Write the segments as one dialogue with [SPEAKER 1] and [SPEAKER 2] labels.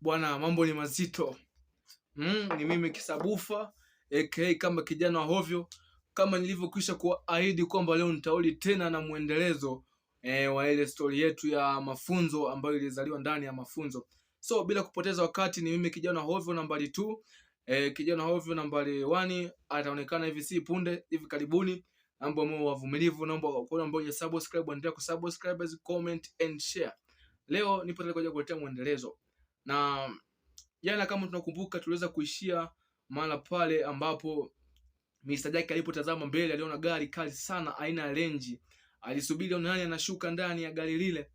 [SPEAKER 1] Bwana, mambo ni mazito. Mm, ni mimi Kisabufa aka kama kijana hovyo, kama nilivyokwisha kuahidi kwamba leo nitarudi tena na mwendelezo e, wa ile stori yetu ya mafunzo ambayo ilizaliwa ndani ya mafunzo. So bila kupoteza wakati, ni mimi kijana hovyo nambari 2 e, eh, kijana hovyo nambari 1 ataonekana hivi si punde hivi karibuni. Naomba mwe wavumilivu, naomba kwa ambao subscribe, endelea kusubscribe, comment and share. Leo nipo tayari kuja kuletea mwendelezo na jana, kama tunakumbuka, tuliweza kuishia mahala pale ambapo Mr. Jack alipotazama mbele aliona gari kali sana aina ya Range. Alisubiri aone nani anashuka ndani ya gari lile.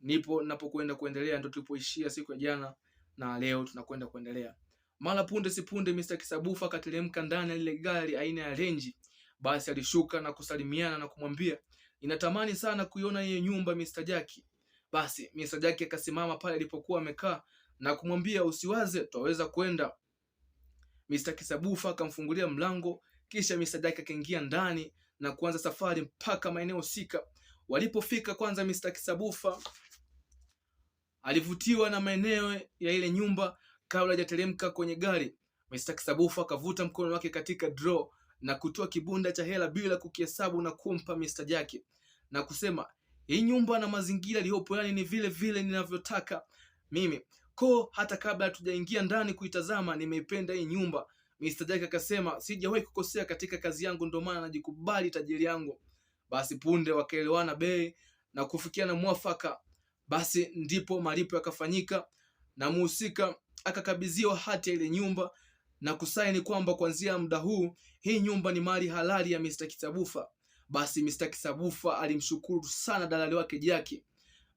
[SPEAKER 1] Nipo napokwenda kuendelea, ndio tulipoishia siku ya jana na leo tunakwenda kuendelea. Mara punde si punde Mr. Kisabufa akateremka ndani ya lile gari aina ya Range. Basi alishuka na kusalimiana na kumwambia, "Ninatamani sana kuiona hiyo nyumba Mr. Jack. Basi Misajaki akasimama pale alipokuwa amekaa na kumwambia, usiwaze, twaweza kwenda. Mr. Kisabufa akamfungulia mlango, kisha Misajaki akaingia ndani na kuanza safari mpaka maeneo husika. Walipofika kwanza, Mr. Kisabufa alivutiwa na maeneo ya ile nyumba. Kabla hajateremka kwenye gari, Mr. Kisabufa akavuta mkono wake katika draw na kutoa kibunda cha hela bila kukihesabu na kumpa Mr. Jaki na kusema, hii nyumba na mazingira iliyopo yani ni vile vile ninavyotaka mimi ko. Hata kabla hatujaingia ndani kuitazama, nimeipenda hii nyumba. Mr. Jack akasema sijawahi kukosea katika kazi yangu, ndio maana najikubali tajiri yangu. Basi punde wakaelewana bei na kufikia na mwafaka. Basi ndipo malipo yakafanyika na muhusika akakabidhiwa hati ya ile nyumba na kusaini kwamba kuanzia muda huu hii nyumba ni mali halali ya Mr. Kitabufa. Basi Mr. Kisabufa alimshukuru sana dalali wake Jackie.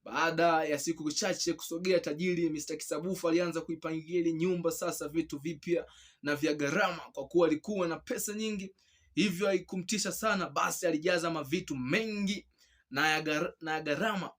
[SPEAKER 1] Baada ya siku chache kusogea tajiri, Mr. Kisabufa alianza kuipangia ile nyumba sasa vitu vipya na vya gharama, kwa kuwa alikuwa na pesa nyingi, hivyo haikumtisha sana. Basi alijaza mavitu mengi na ya gharama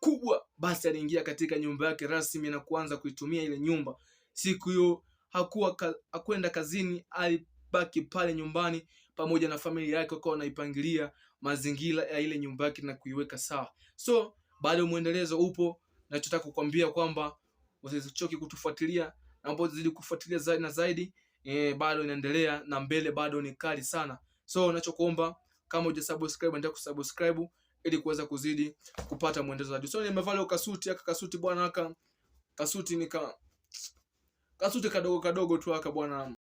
[SPEAKER 1] kubwa. Basi aliingia katika nyumba yake rasmi na kuanza kuitumia ile nyumba. Siku hiyo hakuwa ka, hakwenda kazini, ali kubaki pale nyumbani pamoja na familia yake, wakawa wanaipangilia mazingira ya ile nyumba yake na kuiweka sawa. So bado mwendelezo upo, nachotaka kukwambia kwamba usichoke kutufuatilia, na ambao zidi kufuatilia zaidi na zaidi. E, bado inaendelea na mbele bado ni kali sana. So nachokuomba kama uja subscribe, endelea kusubscribe ili kuweza kuzidi kupata mwendelezo zaidi. So nimevaa leo kasuti aka kasuti bwana aka kasuti ni nika kasuti kadogo kadogo tu aka bwana.